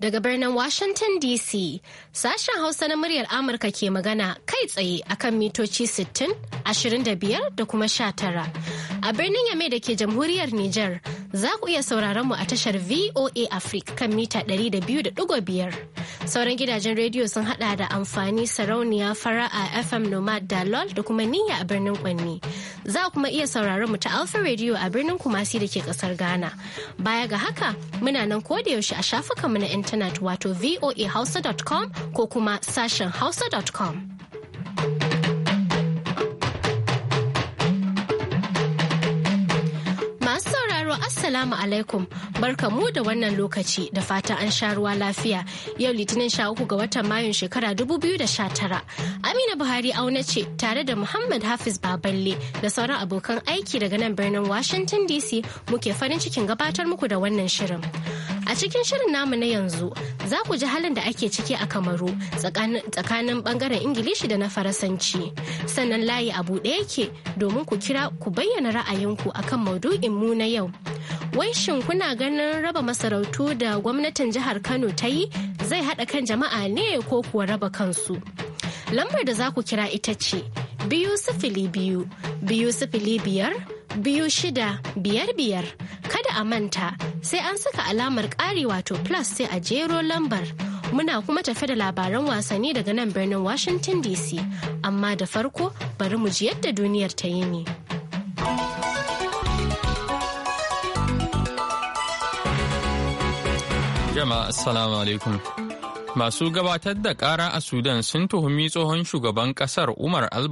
daga birnin Washington DC. Sashen Hausa na muryar Amurka ke magana kai tsaye akan mitoci 60, 25 da kuma 19. A birnin Yame da ke jamhuriyar Nijar za ku iya sauraron mu a tashar VOA Africa kan mita 200.5. Sauran gidajen rediyo sun hada da amfani sarauniya fara a FM Nomad da LOL da kuma niyya a birnin Kwanni. Za kuma iya sauraron mu ta Alpha Radio a birnin Kumasi da ke kasar Ghana. Baya ga haka muna nan yaushe a shafukanmu na intanet wato voahausa.com ko kuma sashen hausa.com. sauraro Assalamu alaikum barka mu da wannan lokaci da fata an sha ruwa lafiya yau litinin sha uku ga watan mayun shekara dubu biyu da 2019 Amina Buhari auna ce tare da Muhammad Hafiz Baballe da sauran abokan aiki daga nan birnin Washington DC muke farin cikin gabatar muku da wannan shirin. A cikin shirin namu na yanzu za ku ji halin da ake ciki a Kamaru tsakanin bangaren Ingilishi da na Faransanci. Sannan layi a buɗe yake domin ku kira ku bayyana ra'ayinku kan maudu'in mu na yau. Wai shin kuna ganin raba masarautu da gwamnatin jihar Kano ta yi zai haɗa kan jama'a ne ko kuwa raba kansu? Lambar da za ku kira ita ce biyu sifili biyu biyu sifili biyar biyu shida biyar biyar kada a manta sai an saka alamar ƙari wato plus sai a jero lambar muna kuma tafe da labaran wasanni daga nan birnin washington dc amma da farko bari mu ji yadda duniyar ta yi ne jama'a assalamu alaikum Masu gabatar da ƙara a Sudan sun tuhumi tsohon shugaban ƙasar Umar al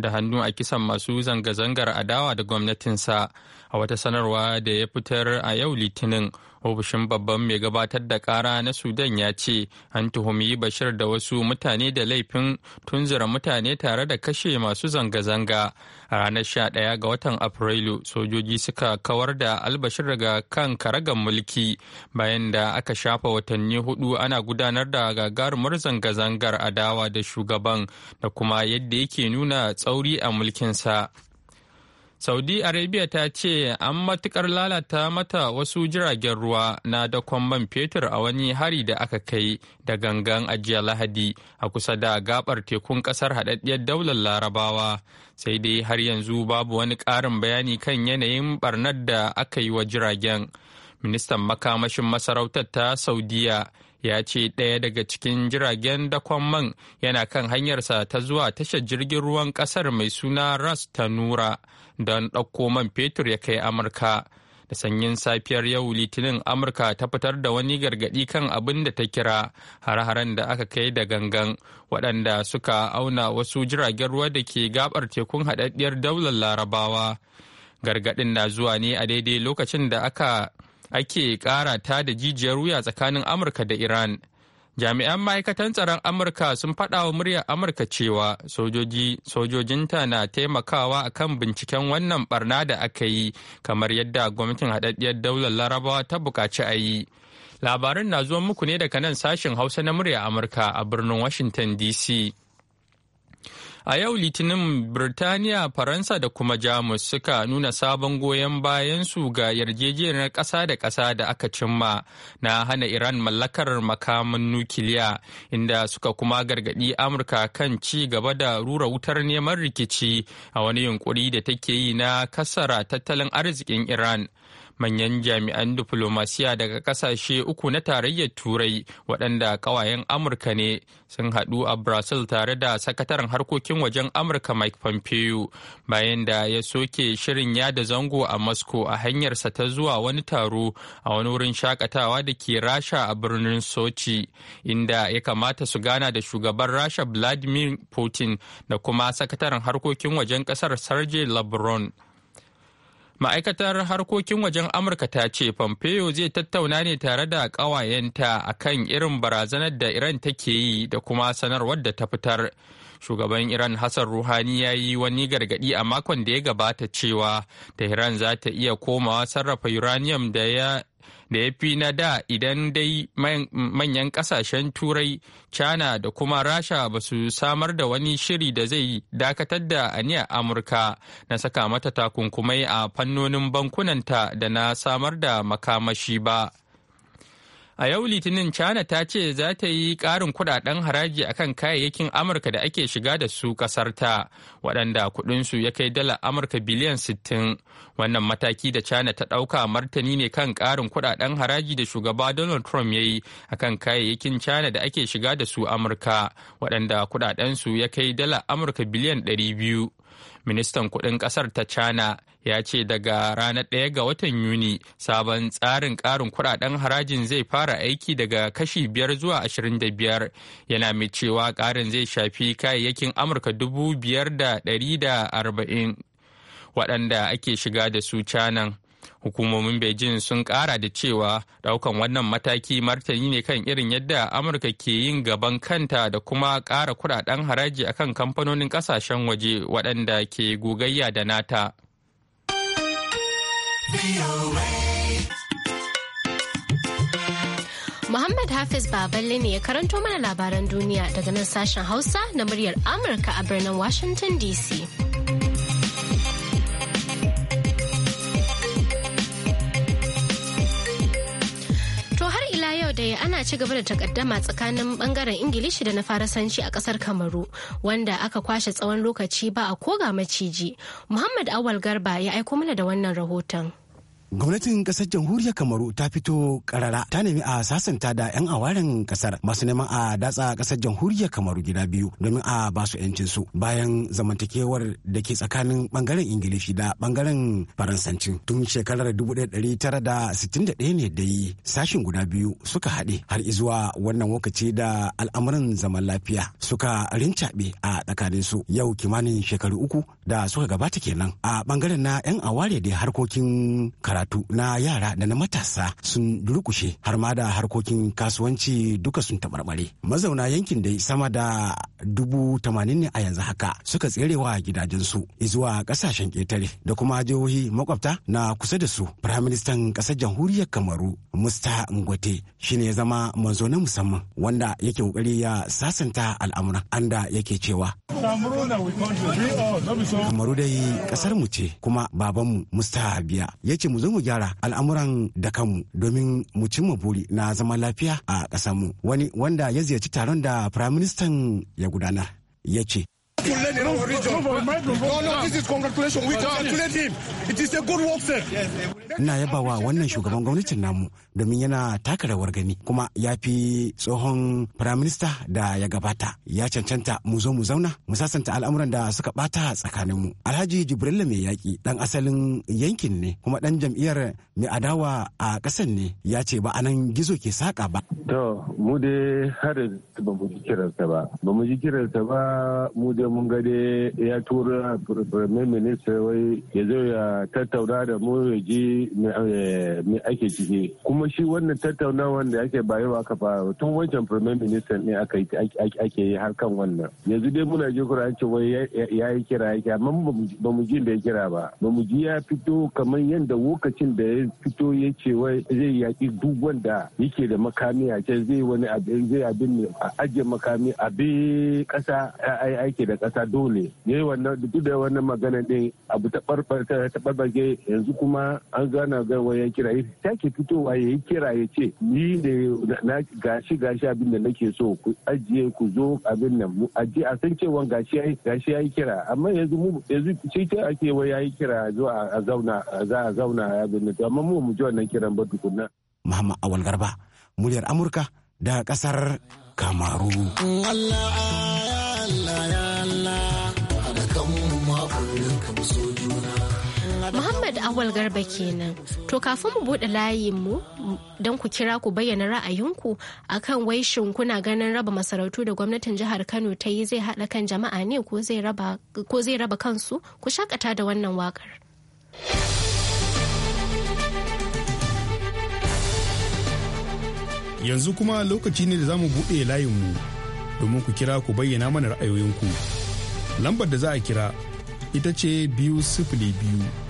da hannu a kisan masu zanga-zangar adawa da gwamnatinsa a wata sanarwa da ya fitar a yau Litinin ofishin babban mai gabatar da kara na sudan ya ce an tuhumi bashir da wasu mutane da laifin tunzura mutane tare da kashe masu zanga-zanga a ranar 11 ga watan afrilu sojoji suka kawar da albashir daga kan karagan mulki bayan da aka shafa watanni hudu ana gudanar da gagarumar zanga-zangar adawa da shugaban da kuma yadda yake nuna tsauri a mulkinsa. Saudi Arabia ta ce an matukar lalata mata wasu jiragen ruwa na dakon man fetur a wani hari da aka kai da gangan ajiya Lahadi a kusa da gabar tekun kasar haɗaɗɗiyar daular Larabawa. Sai dai har yanzu babu wani ƙarin bayani kan yanayin barnar da aka yi wa jiragen. Ministan makamashin masarautar ta Saudiya ya ce ɗaya daga cikin jiragen dakon man yana kan hanyarsa ta zuwa tashar jirgin ruwan ƙasar mai suna ras nura don ɗauko man fetur ya kai amurka da sanyin safiyar yau litinin amurka ta fitar da wani gargaɗi kan abin da ta kira har haren da aka kai da gangan waɗanda suka auna wasu jiragen ruwa da ke gabar tekun haɗaɗɗiyar daular larabawa gargaɗin na zuwa ne a daidai lokacin da aka ake ƙara ta da jijiyar wuya tsakanin amurka da iran jami'an ma'aikatan tsaron amurka sun faɗa wa muryar amurka cewa sojoji sojojinta na taimakawa akan binciken wannan barna da aka yi kamar yadda gwamnatin haɗaɗɗiyar daular larabawa ta buƙaci a yi labarin na zuwa muku ne daga nan sashen hausa na muryar amurka a birnin washington dc A yau Litinin Birtaniya, Faransa da kuma Jamus suka nuna sabon goyon bayan su ga yarjejeniyar ƙasa da ƙasa da aka cimma na hana Iran mallakar makamin nukiliya, inda suka kuma gargaɗi Amurka kan ci gaba da rura wutar neman rikici a wani yunkuri da take yi na kasara tattalin arzikin Iran. manyan jami'an diflomasiya daga kasashe uku na tarayyar turai waɗanda ƙawayen amurka ne sun haɗu a brazil tare da sakataren harkokin wajen amurka mike pompeo bayan da ya soke shirin yada zango a moscow a hanyarsa ta zuwa wani taro a wani wurin shakatawa da ke rasha a birnin sochi inda ya kamata su gana da shugaban rasha vladimir putin da kuma sakataren harkokin wajen ƙasar sergei lebron Ma'aikatar harkokin wajen Amurka ta ce Pompeo zai tattauna ne tare da ƙawayenta a kan irin barazanar da Iran take yi da kuma sanarwar da ta fitar. Shugaban Iran Hassan Ruhani ya yi wani gargaɗi a makon da ya gabata cewa Tehran za ta iya komawa sarrafa uranium da ya da ya fi na da idan dai manyan kasashen turai china da kuma rasha ba su samar da wani shiri da zai dakatar da aniyar amurka na saka mata takunkumai a fannonin bankunanta da na samar da makamashi ba A yau Litinin China ta ce za ta yi ƙarin kudaden haraji akan kayayyakin Amurka da ake shiga da su ƙasarta, waɗanda kuɗinsu ya kai dala Amurka biliyan 60. Wannan mataki da China ta ɗauka martani ne kan ƙarin kudaden haraji da shugaba Donald Trump ya yi akan kayayyakin China da ake shiga da su Amurka, waɗanda kuɗaɗensu ya kai dala Amurka biliyan 200. ministan kudin kasar ta china ya ce daga ranar ɗaya ga watan Yuni sabon tsarin ƙarin kuɗaɗen harajin zai fara aiki daga kashi biyar zuwa ashirin da biyar yana mai cewa ƙarin zai shafi kayayyakin Amurka dubu biyar da da ɗari arba'in waɗanda ake shiga da su canan. hukumomin beijing sun ƙara da cewa ɗaukan wannan mataki martani ne kan irin yadda amurka ke yin gaban kanta da kuma ƙara kuɗaɗen haraji akan kamfanonin ƙasashen waje waɗanda ke gogayya da nata Muhammad Hafiz Baballe ne ya karanto mana labaran duniya daga nan sashen Hausa na muryar Amurka a birnin Washington DC. To har ila yau dai ana ci gaba da takaddama tsakanin bangaren Ingilishi da na Faransanci a kasar Kamaru wanda aka kwashe tsawon lokaci ba a koga maciji. Muhammad Awal Garba ya aiko mana da wannan rahoton. Gwamnatin kasar jamhuriyar Kamaru ta fito karara ta nemi a sasanta da 'yan awaren ƙasar. masu neman a datsa kasar jamhuriyar Kamaru gida biyu domin a ba su 'yancin su bayan zamantakewar da ke tsakanin bangaren Ingilishi da bangaren Faransanci. tun shekarar 1961 ne da yi sashin guda biyu suka haɗe har izuwa wannan lokaci da al'amuran zaman lafiya suka rincaɓe a tsakanin su yau kimanin shekaru uku da suka gabata kenan a ɓangaren na 'yan aware da harkokin kara. karatu na yara da na matasa sun durkushe har ma da harkokin kasuwanci duka sun taɓarɓare mazauna yankin dai sama da dubu tamanin ne a yanzu haka suka tserewa gidajensu izuwa kasashen ketare da kuma jihohi makwabta na kusa da su firaministan ƙasar jamhuriyar kamaru musta ngote shine ya zama manzo na musamman wanda yake kokari ya sasanta al'amura anda yake cewa kamaru dai kasar mu ce kuma babanmu musta biya ya ce mu zo domin mu gyara al'amuran da kanmu domin mu cimma buri na zaman lafiya a ƙasarmu wani wanda ya ziyarci taron da firaministan ya gudanar ya ce to learn no, our region. No, no, this is congratulations. We congratulate him. It is a good work, sir. Ina yaba wa wannan shugaban gwamnatin namu domin yana taka rawar gani kuma ya fi tsohon firaminista da ya gabata ya cancanta mu zo mu zauna mu sasanta al'amuran da suka bata tsakanin mu. Alhaji Jibrilla mai yaƙi ɗan asalin yankin ne kuma ɗan jam'iyyar mai adawa a ƙasar ne ya ce ba anan gizo ke saƙa ba. To mu dai har ba mu ji kiransa ba ba mu ji kiransa ba mu dai mun ga dai ya tura firamin minista wai ya zo ya tattauna da mu ya ji me eh, ake ciki kuma shi wannan tattaunawan da ake bayo ka fara tun wancan firamin minista ne ake yi har kan wannan yanzu dai muna ji kura ce wai ya yi kira ya kira amma ba mu ji da ya kira ba ba mu ji ya fito kamar yadda lokacin da ya fito ya ce wai zai yaƙi duk wanda yake da makami a ce zai wani abin zai abin a ajiye makami a bi ƙasa aiki da kasa dole ne wannan duk da wannan magana din abu ta yanzu kuma an gana ga wayan kira ya ke fitowa yayi kira ya ce ni ne na gashi gashi abin da nake so ku ajiye ku zo abin nan mu ajiye a san cewa gashi yayi gashi yi kira amma yanzu mu yanzu ce ta ake ya yi kira zo a zauna za a zauna abin nan amma mu mu ji wannan kiran ba tukunna Muhammad Awal Garba muryar Amurka da kasar Kamaru Allah Awal Garba kenan. To kafin mu buɗe mu don ku kira ku bayyana ra'ayinku akan wai shin kuna ganin raba masarautu da gwamnatin jihar Kano ta yi zai haɗa kan jama'a ne ko zai raba kansu ku shakata da wannan wakar yanzu kuma lokaci ne da za mu buɗe layinmu domin ku kira ku bayyana mana ra'ayoyinku lambar da za a kira ita ce biyu sifili biyu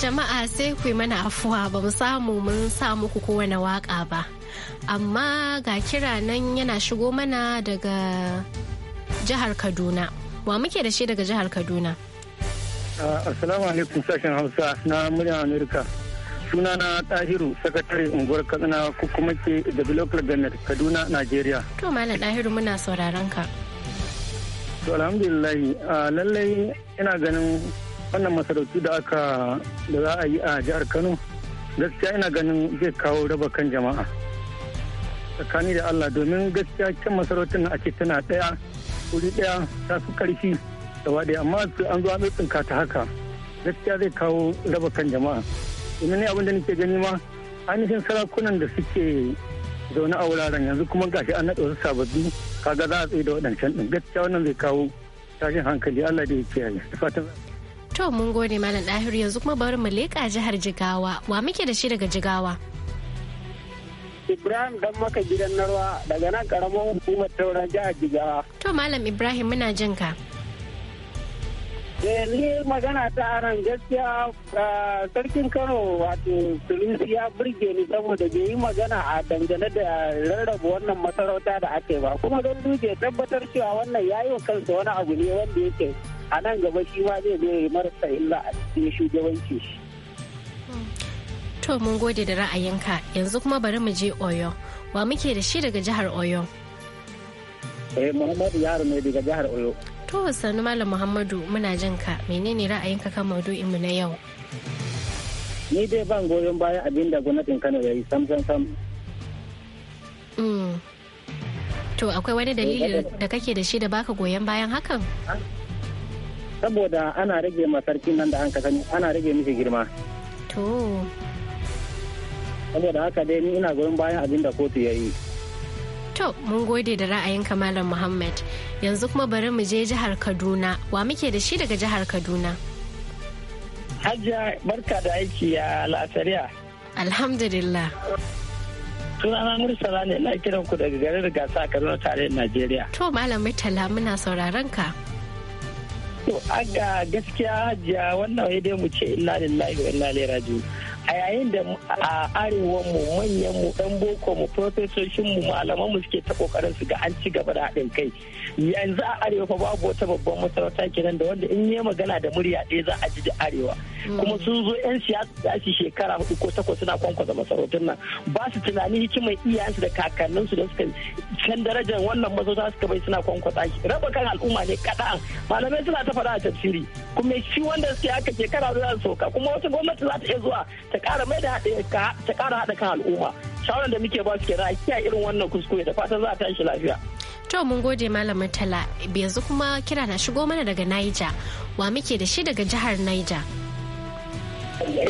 jama'a sai ku yi mana afuwa ba mu samu mun sa muku kowane waka ba. Amma ga kira nan yana shigo mana daga jihar Kaduna. Wa muke da shi daga jihar Kaduna? Ah, assalamu alaikum sashen Hausa na muryar Amurka. Suna na Tahiru, sakatare unguwar Katsina ko kuma ke da Bilokar Ganar Kaduna, Najeriya. To Malam Tahiru muna sauraron ka. To alhamdulillah ah, lallai ina ganin wannan masarautu da aka da za a yi a jihar kano gaskiya ina ganin zai kawo raba kan jama'a tsakani da allah domin gaskiya can masarautun a ce tana daya wuri ɗaya ta fi karfi gaba ɗaya amma an zo an tsinka ta haka gaskiya zai kawo raba kan jama'a domin ne abin da nake gani ma ainihin sarakunan da suke zaune a wuraren yanzu kuma gashi an naɗa wasu sababbi kaga za a tsaye da waɗancan ɗin gaskiya wannan zai kawo tashin hankali allah da ya kiyaye To mun gode malam ɗahiru yanzu kuma bari mu leƙa jihar Jigawa. Wa muke da shi daga Jigawa? Ibrahim dan maka gidan narwa daga nan karamar hukumar tauran jihar Jigawa. To malam Ibrahim muna jin ka. Eh, ni magana ta aran gaskiya ah, sarkin kano wato sulusi ya burge ni saboda bai yi magana a dangane da rarraba wannan masarauta da ake ba kuma don duke tabbatar cewa wannan yayi wa kansa wani abu ne wanda yake a nan gaba shi ma zai zai marasa illa a cikin shugabanci shi. To mun gode da ra'ayinka yanzu kuma bari mu je Oyo. Wa muke da shi daga jihar Oyo? Eh Muhammadu Yaro ne daga jihar Oyo. To sanu Malam Muhammadu muna jin ka menene ra'ayinka kan maudu'in mu na yau? Ni dai ban goyon bayan abin da gwamnatin Kano ya yi sam sam sam. Mm. To akwai wani dalili eh, eh, eh. da kake da shi da baka goyon bayan hakan? saboda ana rage ma nan da an ka sani ana rage miki girma to saboda haka dai ni ina goyon bayan abin da kotu ya yi to mun gode da ra'ayinka malam muhammad yanzu kuma bari mu je jihar kaduna wa muke da shi daga jihar kaduna hajiya barka da aiki a lasariya alhamdulillah sunana mursala ne na kiran ku daga garin gasa a kaduna tarayyar najeriya to malam murtala muna sauraron ka To, aga gaskiya hajiya wannan dai mu ce inna lillahi wa inna lera a yayin da a arewan mu manyan mu dan boko mu profesoshin mu malaman mu suke ta kokarin su ga an ci gaba da haɗin kai yanzu a arewa fa babu wata babban masarauta kenan da wanda in yi magana da murya ɗaya za a ji da arewa mm. kuma sun zo yan siyasa za su shekara hudu ko takwas suna kwankwasa masarautun nan ba su tunani hikimar iyayensu da kakanninsu da suka can darajar wannan masarauta suka bai suna kwankwasa shi raba kan al'umma ne kaɗan malamai suna ta faɗa a tafsiri kuma shi wanda suke aka shekara zuwa su soka kuma wata gwamnati za ta iya zuwa ta kara mai da ta kara haɗa kan al'umma shawaran da muke ba su ke a kiyaye irin wannan kuskure da fatan za ta tashi lafiya. To mun gode Malam Tala yanzu kuma kira na shigo mana daga Niger wa muke da shi daga jihar Niger.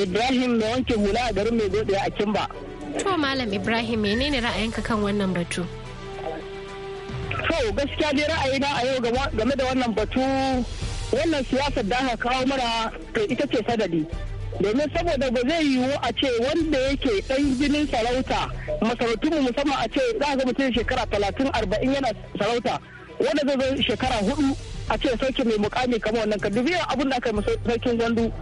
Ibrahim mai wanke hula a garin mai gode a Kimba. To Malam Ibrahim menene ra'ayinka kan wannan batu? To gaskiya dai ra'ayina a yau game da wannan batu wannan siyasar da aka kawo mara to ita ce sadadi domin saboda ba zai yiwu a ce wanda yake dan jinin sarauta masarautunmu musamman a ce za a ga mutum shekara talatin arba'in yana sarauta wanda zai zo shekara hudu a ce sauki mai mukami kamar wannan ka dubi abin da aka yi sarkin gwandu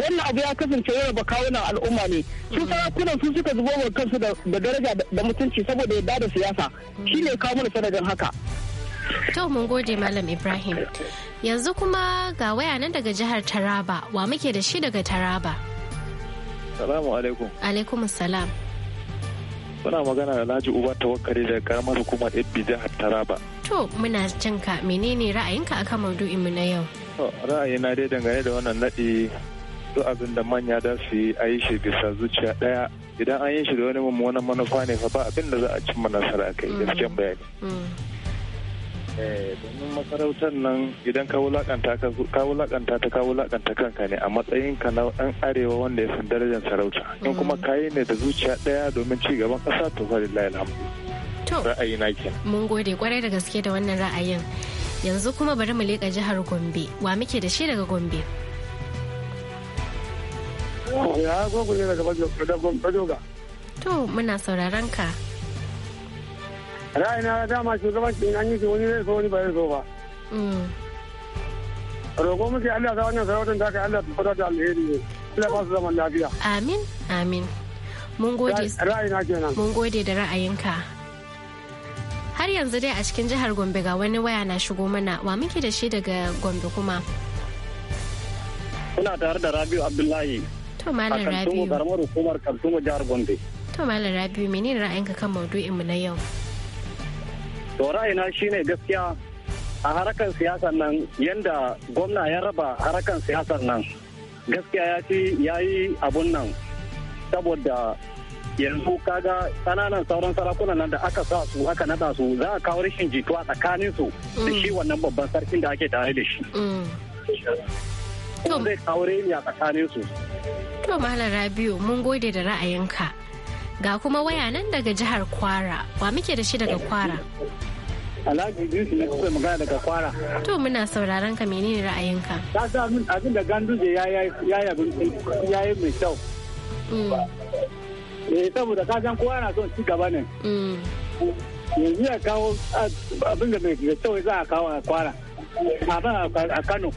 wannan abu ya kasance yau ba kawunan al'umma ne su sarakunan su suka zubo wa kansu da daraja da mutunci saboda yadda da siyasa shine kawo mana sanadin haka To mun gode Malam Ibrahim. Yanzu kuma ga waya nan daga jihar Taraba, wa muke da shi daga Taraba. Salamu alaikum. Alaikum salam. Muna magana da Laji Uba Tawakkari daga karamar hukumar Ibbi jihar Taraba. To muna jinka menene ra'ayinka akan maudu'in mu na yau? Ra'ayina dai dangane da wannan naɗi duk abin da manya da su yi a yi shi bisa zuciya ɗaya idan an yi shi da wani mummunan manufa ne fa ba abin da za a cimma nasara kai mm. gaskiyan bayani. Mm. Eh, domin masarautar nan idan ka wulakanta ta ka wulakanta kanka ne a matsayin ka na dan arewa wanda ya san darajar sarauta in kuma mm. kayi ne da zuciya daya domin ci gaban kasa to fa lillahi alhamdu ra'ayi na ke mun gode kwarai da gaske da wannan ra'ayin yanzu kuma bari mu leƙa jihar Gombe wa muke da shi daga Gombe oh, ya gogo ne daga Bajoga to muna sauraron ka ra'ayina dama shugabanci in an yi shi wani zai so wani ba zai so ba mm. roƙo muke Allah ta wannan sarautar ta kai Allah ta fada da alheri ne Allah ba su zaman lafiya amin amin mun gode ra'ayina kenan mun gode da ra'ayinka har yanzu dai a cikin jihar Gombe ga wani waya na shigo mana wa muke da shi daga Gombe kuma kuna tare da Rabiu Abdullahi to malam Rabiu a karamar hukumar Kaltumo jihar Gombe to malam Rabiu menene ra'ayinka kan maudu'in mu na yau to ra'ayina shine gaskiya a harakan siyasar nan yadda gwamna ya raba harakan siyasar nan gaskiya ya ci ya yi abun nan saboda yanzu kaga kananan sauran sarakunan nan da aka sa su aka nada su za a kawo rashin jituwa tsakanin su da shi mm. wannan babban sarkin da ake tare da shi mm. zai kawo reni a tsakanin su to malam rabiu mun gode da ra'ayinka Ga kuma waya nan daga jihar Kwara. Wa muke da shi daga Kwara? Alhaji Idris ne kuka magana daga Kwara. To muna sauraron ka menene ra'ayinka? Ta sa min abin da ganduje ya yi mai kyau. Mm. Eh saboda ka san kowa na son ci gaba ne. Mm. Yanzu ya kawo abin da mai kyau za a kawo a Kwara. A Kano.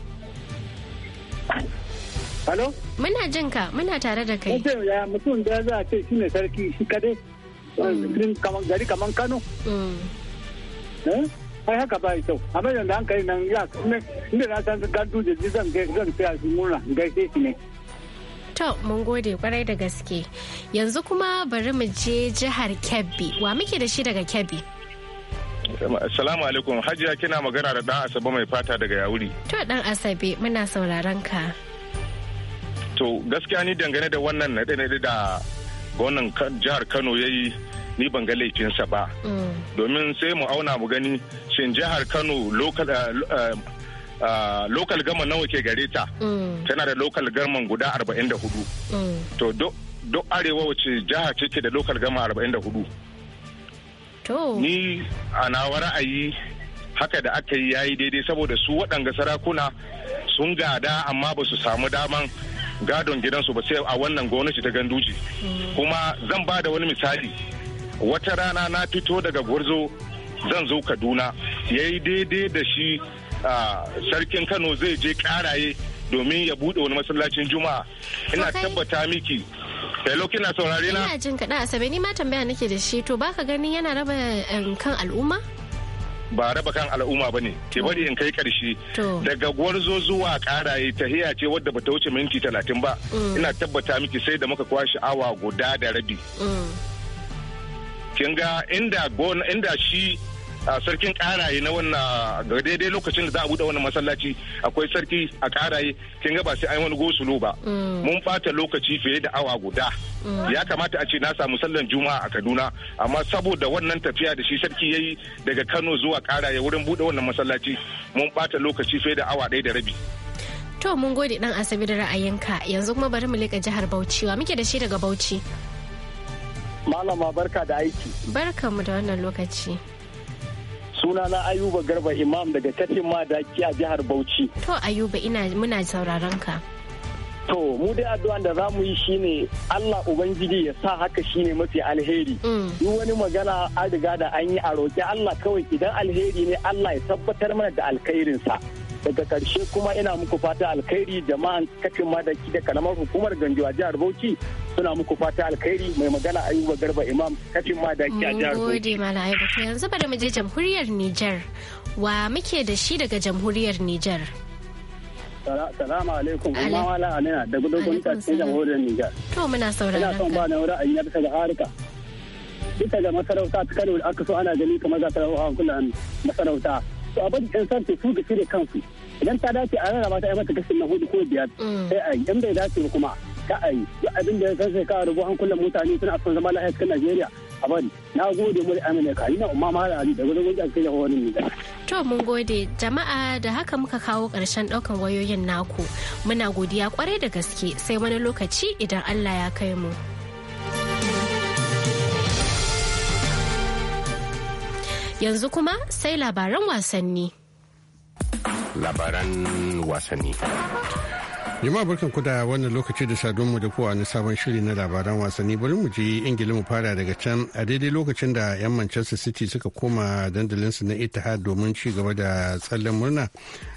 Halo? Muna jin ka, muna tare da kai. Mutum ya mutum da za a ce shi ne sarki shi kadai. Mm. Gari kaman Kano. Mm. Eh? Ai haka ba kyau. Amma yanzu da hankali nan ya inda na san gandu da ji zan zan tsaya shi murna gaishe shi ne. To mun gode kwarai da gaske. Yanzu kuma bari mu je jihar Kebbi. Wa muke da shi daga Kebbi? Assalamu alaikum. Hajiya kina magana da ɗan Asabe mai fata daga Yauri. To dan Asabe muna sauraron ka. to gaskiya ni dangane da wannan na naɗe da wannan jihar kano ya yi ni ban ga laifinsa ba mm. domin sai mu auna mu gani shin jihar kano lokal eh, eh, ah, gama nawa ke gare ta mm. tana da lokal garman guda 44 mm. to duk arewa wace jiha ce ke da lokal gama 44 ni a nawa ra'ayi haka da aka yi yayi daidai saboda su waɗanga sarakuna sun gada amma ba su samu daman gadon gidansu ba sai a wannan gwamnati ta ganduji mm. kuma zan ba da wani misali wata rana na fito daga gwarzo zan zo kaduna ya yi daidai da shi sarkin kano zai je karaye domin ya bude wani masallacin juma'a ina tabbata miki hello kina saurare na ina jin kaɗa asabe ni ma tambaya nake da shi to baka ganin yana raba kan al'umma ba raba kan al'umma ba ne ke bari in kai karshe daga gwarzo zuwa karaye eh, tahiya ce wadda bata wuce minti talatin ba mm. ina tabbata miki sai da muka kwashi awa guda da rabi mm. kin ga inda inda shi sarkin karaye na wannan ga daidai lokacin da za a bude wannan masallaci akwai sarki a karaye kin ga ba sai an wani gosulo ba mm. mun fata lokaci fiye da awa guda Mm. ya kamata a ce na samu sallan juma'a a kaduna amma saboda wannan tafiya da shi sarki ya yi daga kano zuwa kara ya wurin bude wannan masallaci mun bata lokaci fiye da awa ɗaya da rabi to mun gode dan asabi da ra'ayinka yanzu kuma bari mu leka jihar bauchi wa muke da shi daga bauchi malama barka da aiki barka mu da wannan lokaci suna na ayuba garba imam daga tafin madaki a jihar bauchi to ayuba ina muna sauraron ka To mu dai addu'an da za mu yi shi ne Allah Ubangiji ya sa haka ne mafi alheri. Mm. Duk wani magana an riga da an yi a roƙi Allah kawai idan alheri ne Allah ya tabbatar mana da alkhairinsa. Daga ƙarshe kuma ina muku fata alkhairi jama'an kacin ma da kalamar hukumar Ganjuwa jihar Bauchi suna muku fata alkhairi mai magana Ayuba Garba Imam kacin ma da a jihar Bauchi. Gode Malam Ayuba yanzu bari mu je jamhuriyar Nijar. Wa muke da shi daga jamhuriyar Nijar? Salamu alaikum, amma wala alina da gudugun ta cikin jamhuriyar Nijar. To muna sauraron Ina son ba na wurin ayyar ta ga harika. Ita ga masarauta ta kano da aka so ana gani kamar za ta rawa kullum masarauta. To abin da sarki su ga shirya kansu. Idan ta dace a rarraba ta yi mata kashin na hudu ko biyar mm. sai a yi. Idan bai dace kuma ka a yi. Duk abin da ya san sai ka rubu hankulan mutane suna son zama lahiyar cikin Najeriya. abin na gode mu da amurka ina umma mara ali da gudun gudun kai da wani da to mun gode jama'a da haka muka kawo karshen daukan wayoyin naku muna godiya kwarai da gaske sai wani lokaci idan allah ya kai mu yanzu kuma sai labaran wasanni labaran wasanni jama'a barkan ku da wannan lokaci da sadon mu da kowa na sabon shiri na labaran wasanni bari mu je ingila mu fara daga can a daidai lokacin da yan manchester city suka koma dandalin su na itihad domin ci gaba da tsallen murna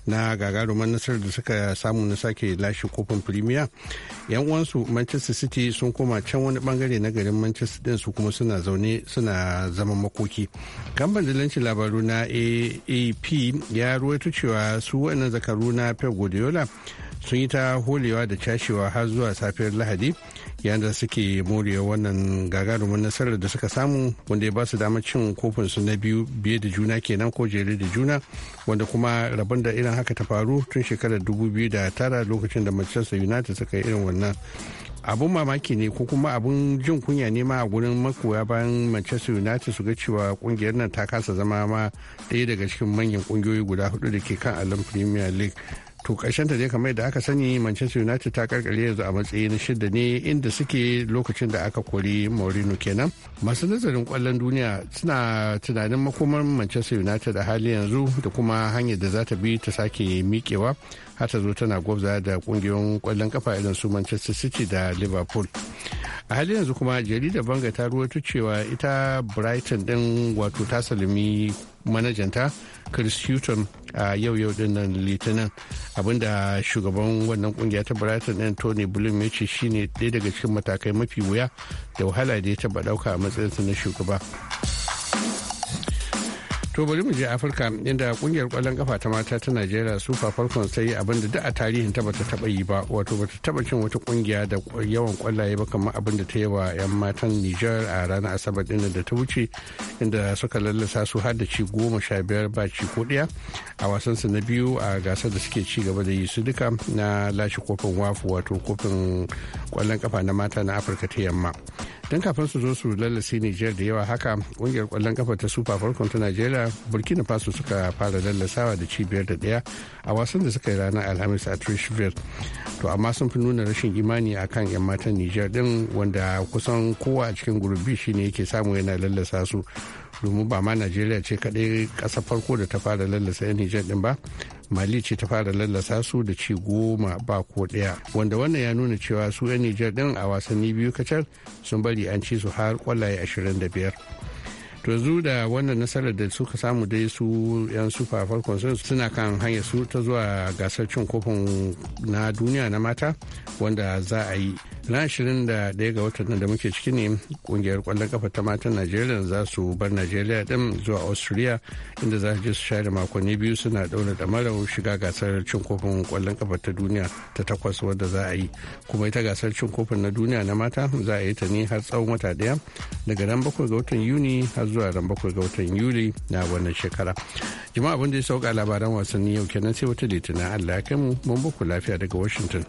na gagarumar nasarar da suka samu na sake lashe kofin premier yan uwansu manchester city sun koma can wani bangare na garin manchester din su kuma suna zaune suna zaman makoki kamban dalancin labaru na aap ya ruwaito cewa su wannan zakaru na pep guardiola sun yi ta holewa da cashewa har zuwa safiyar lahadi yadda suke morewa wannan gagarumin nasarar da suka samu wanda ya ba su damar cin kofin su na biyu biye da juna kenan ko jere da juna wanda kuma rabon da irin haka ta faru tun shekarar dubu biyu da tara lokacin da manchester united suka yi irin wannan abun mamaki ne ko kuma abun jin kunya ne ma a gurin makoya bayan manchester united su ga cewa kungiyar nan ta kasa zama ma ɗaya daga cikin manyan kungiyoyi guda hudu da ke kan allen premier league to karshen ta dai kamar da aka sani manchester united ta karkare yanzu a matsayi na shida ne inda suke lokacin da aka kori mourinho kenan masu nazarin kwallon duniya suna tunanin makomar manchester united a hali yanzu da kuma hanyar da za ta bi ta sake miƙewa har ta zo tana gwabza da kungiyoyin kwallon kafa irin su manchester city da liverpool a halin yanzu kuma jaridar banga ta ruwaito cewa ita brighton din wato ta salimi manajanta chris hutton a yau yau din nan litinin abinda shugaban wannan kungiya ta brighton din tony bloom ya ce shine daya daga cikin matakai mafi wuya da wahala da ya taba ɗauka a matsayinsa na shugaba to bari mu je afirka inda kungiyar kwallon kafa ta mata ta najeriya super falcons ta yi abin da duk a tarihin ta bata taba yi ba wato bata taba cin wata kungiya da yawan kwallaye ba kamar abin da ta yi wa yan matan niger a ranar asabar din da ta wuce inda suka lallasa su har da ci goma sha biyar ba ci ko daya a wasan su na biyu a gasar da suke ci gaba da yi su duka na lashe kofin wafu wato kofin kwallon kafa na mata na afirka ta yamma don kafin su zo su lallase niger da yawa haka kungiyar kwallon kafa ta super falcons ta najeriya burkina faso suka fara lallasawa da cibiyar da daya a wasan da suka yi ranar alhamis a trishville to amma sun fi nuna rashin imani a kan 'yan matan niger din wanda kusan kowa a cikin gurbi shine yake samu yana lallasa su domin ba ma najeriya ce kadai kasa farko da ta fara lallasa 'yan niger din ba mali ce ta fara lallasa su da ci goma ba ko daya wanda wannan ya nuna cewa su 'yan niger din a wasanni biyu kacal sun bari an ci su har kwallaye biyar. to yanzu da wannan nasarar da suka samu dai su yan super falcons suna kan hanyar su ta zuwa gasar cin kofin na duniya na mata wanda za a yi na 21 ga watan da muke ciki ne kungiyar kwallon kafa ta matan najeriya za su bar najeriya din zuwa australia inda za su je su share makonni biyu suna daura marar shiga gasar cin kofin kwallon kafa ta duniya ta takwas wadda za a yi kuma ita gasar cin kofin na duniya na mata za a yi ta ne har tsawon wata daya daga nan bakwai ga watan yuni har zuwa ran bakwai ga watan yuli na wannan shekara jama'a abin da ya sauka labaran wasanni yau kenan sai wata litinin allah ya mu mun baku lafiya daga washington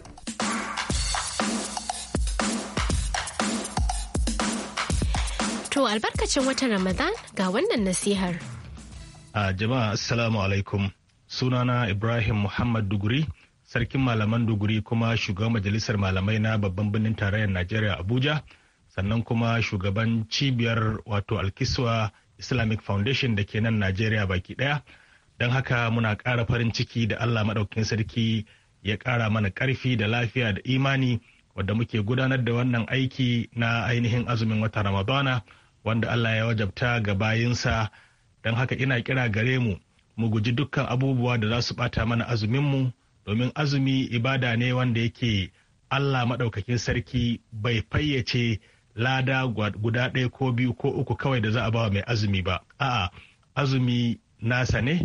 to albarkacin watan ramadan ga wannan nasihar jama'a assalamu alaikum sunana ibrahim muhammad duguri sarkin malaman duguri kuma shugaban majalisar malamai na babban birnin tarayyar najeriya abuja sannan kuma shugaban cibiyar wato alkiswa islamic foundation da ke nan najeriya baki daya don haka muna ƙara farin ciki da allah maɗaukin sarki ya ƙara mana ƙarfi da lafiya da imani wadda muke gudanar da wannan aiki na ainihin azumin wata ramadana wanda allah ya wajabta ga bayinsa don haka ina kira gare mu mu guji dukkan abubuwa da za su bata mana azuminmu domin azumi ibada ne wanda yake allah maɗaukakin sarki bai fayyace lada guda ɗaya ko biyu ko uku kawai da za a bawa mai azumi ba a'a azumi nasa ne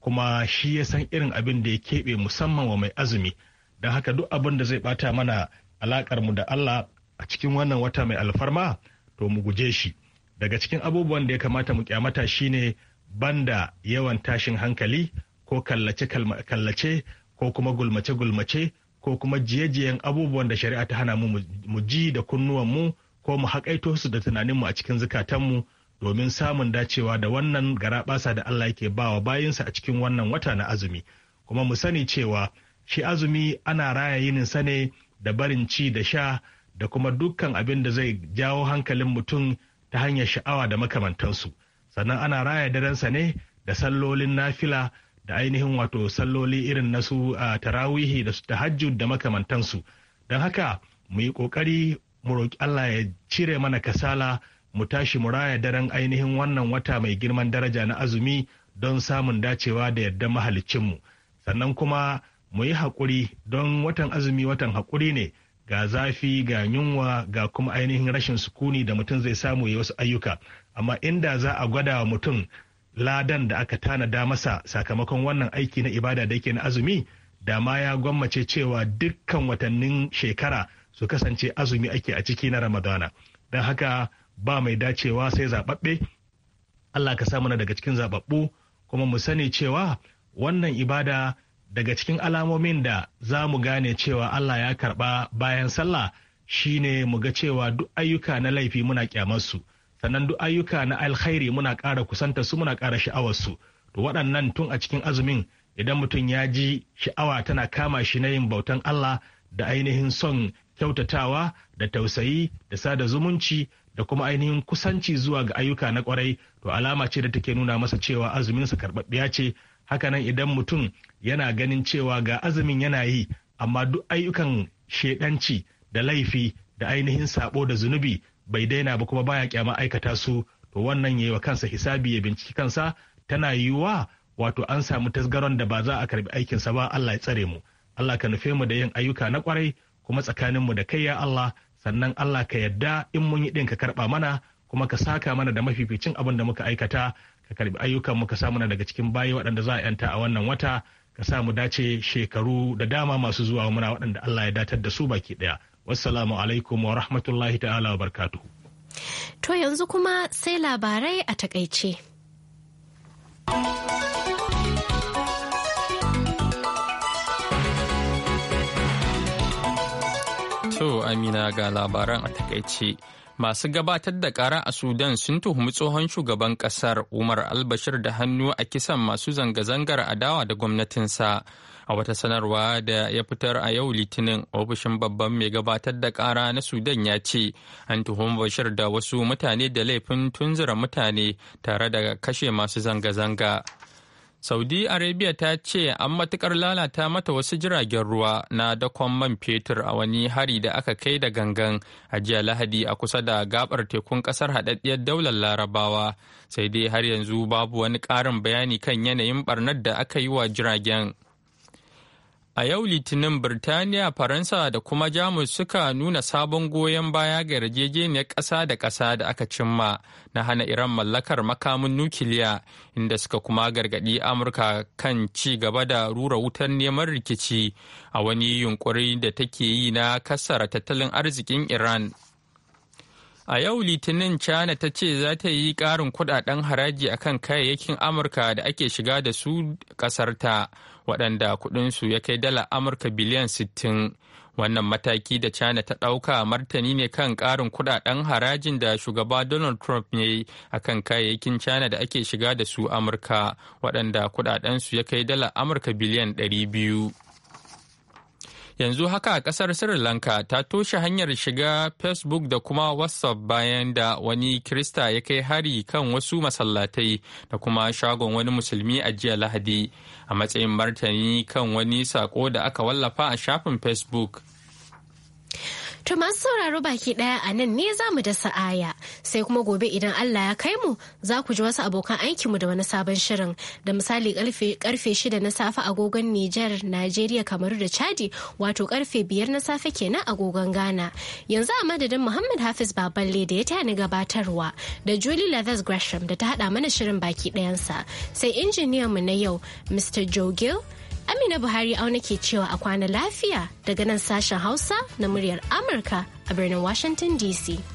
kuma shi ya san irin abin da ya keɓe musamman wa mai azumi don haka duk abin da zai bata mana alakar mu da Allah a cikin wannan wata mai alfarma to mu guje shi daga cikin abubuwan da ya kamata mu kyamata shine banda yawan tashin hankali ko kallace-kallace ko kuma gulmace-gulmace ko kuma jiye-jiyen abubuwan da shari'a ta hana mu mu ji da kunnuwan mu ko mu haƙaito su da tunaninmu a cikin zukatanmu domin samun dacewa da wannan garaɓasa da Allah yake bawa bayinsa a cikin wannan wata na azumi kuma mu sani cewa shi azumi ana raya yinin sa ne da barin ci da sha da kuma dukkan abin da zai jawo hankalin mutum ta hanyar sha'awa da makamantansu sannan ana raya darensa ne da sallolin nafila da ainihin wato salloli irin nasu a tarawihi da su hajju da makamantansu don haka mu yi ƙoƙari mu roƙi Allah ya cire mana kasala mu tashi mu raya daren ainihin wannan wata mai girman daraja na azumi don samun dacewa da yadda mahalicinmu sannan kuma mu yi haƙuri don watan azumi watan haƙuri ne ga zafi ga yunwa ga kuma ainihin rashin sukuni da mutum zai samu ya wasu ayyuka amma inda za a gwada wa mutum ladan da aka tanada masa sakamakon wannan aiki na ibada da yake na azumi da ma ya gwammace cewa dukkan watannin shekara su kasance azumi ake a ciki na ramadana don haka ba mai dacewa sai zaɓaɓɓe allah ka mana daga cikin zaɓaɓɓu kuma mu sani cewa wannan ibada daga cikin alamomin da za mu gane cewa allah ya karɓa bayan sallah shine mu ga cewa duk ayyuka na laifi muna kyamarsu sannan duk ayyuka na alkhairi muna ƙara kusanta su muna ƙara sha'awarsu to waɗannan tun a cikin azumin idan mutum ya ji sha'awa tana kama shi na yin bautan Allah da ainihin son kyautatawa da tausayi da sada zumunci da kuma ainihin kusanci zuwa ga ayyuka na kwarai to alama ce da take nuna masa cewa azuminsa karɓaɓɓiya ce hakanan idan mutum yana ganin cewa ga azumin yana yi amma duk ayyukan shedanci da laifi da ainihin sabo da zunubi bai daina ba kuma baya kyama aikata su to wannan yayi wa kansa hisabi ya binciki kansa tana yiwuwa wato an samu tasgaron da ba za a karbi aikinsa ba Allah ya tsare mu Allah ka nufe mu da yin ayyuka na kwarai kuma tsakaninmu da kai ya Allah sannan Allah ka yadda in mun yi ɗin ka karɓa mana kuma ka saka mana da mafificin abin da muka aikata ka karɓi ayyukan mu ka sa mana daga cikin bayi waɗanda za a yanta a wannan wata ka sa mu dace shekaru da dama masu zuwa muna waɗanda Allah ya datar da su baki ɗaya wassalamu alaikum wa rahmatullahi ta'ala wa barkatu. to yanzu kuma sai labarai a takaice To Amina ga labaran a takaice. Masu gabatar da kara a Sudan sun tuhumi tsohon shugaban kasar Umar albashir da hannu a kisan masu zanga-zangar adawa da gwamnatinsa. A wata sanarwa da ya fitar a yau Litinin, ofishin babban mai gabatar da kara na Sudan ya ce an tuhumi Bashir da wasu mutane da laifin tunzura mutane tare da kashe masu zanga-zanga. Saudi Arabia ta ce an matukar lalata mata wasu jiragen ruwa na dakon man fetur a wani hari da aka kai da gangan a jiya Lahadi a kusa da gabar tekun kasar haɗaɗɗiyar daular Larabawa, sai dai har yanzu babu wani ƙarin bayani kan yanayin barnar da aka yi wa jiragen. A yau Litinin Birtaniya, Faransa da kuma Jamus suka nuna sabon goyon baya ga yarjejeniyar ƙasa da ƙasa da aka cimma na hana Iran mallakar makamin nukiliya, inda suka kuma gargaɗi Amurka kan ci gaba da rura wutar neman rikici a wani yunkuri da take yi na kasara tattalin arzikin Iran. A yau Litinin China ta ce za ta yi ƙarin kudaden haraji a kan kayayyakin Amurka da ake shiga da su ƙasarta waɗanda kuɗinsu ya kai dala Amurka biliyan 60. Wannan mataki da China ta ɗauka martani ne kan karin kudaden harajin da shugaba Donald Trump ne a kan kayayyakin China da ake shiga da su Amurka waɗanda kuɗaɗensu ya kai dala Amurka biliyan 200. yanzu haka kasar sri lanka ta toshe hanyar shiga facebook da kuma whatsapp bayan da wani krista ya kai hari kan wasu masallatai da kuma shagon wani musulmi a jiya lahadi a matsayin martani kan wani sako da aka wallafa a shafin facebook To masu sauraro baki daya a nan ne za mu da sa'aya sai kuma gobe idan Allah ya kai mu za ku ji wasu abokan mu da wani sabon shirin da misali karfe shida na safe agogon Nijar, Najeriya, kamar da Chadi wato karfe biyar na safe kenan agogon Ghana. Yanzu a madadin Muhammad Hafiz Baballe da ya taya ni gabatarwa da Julie Leathers Gresham da ta hada mana shirin baki dayansa sai injiniyan mu na yau Mr. Joe Gill Amina Buhari auna ke cewa a kwana lafiya daga nan sashen Hausa na muryar Amurka a birnin Washington DC.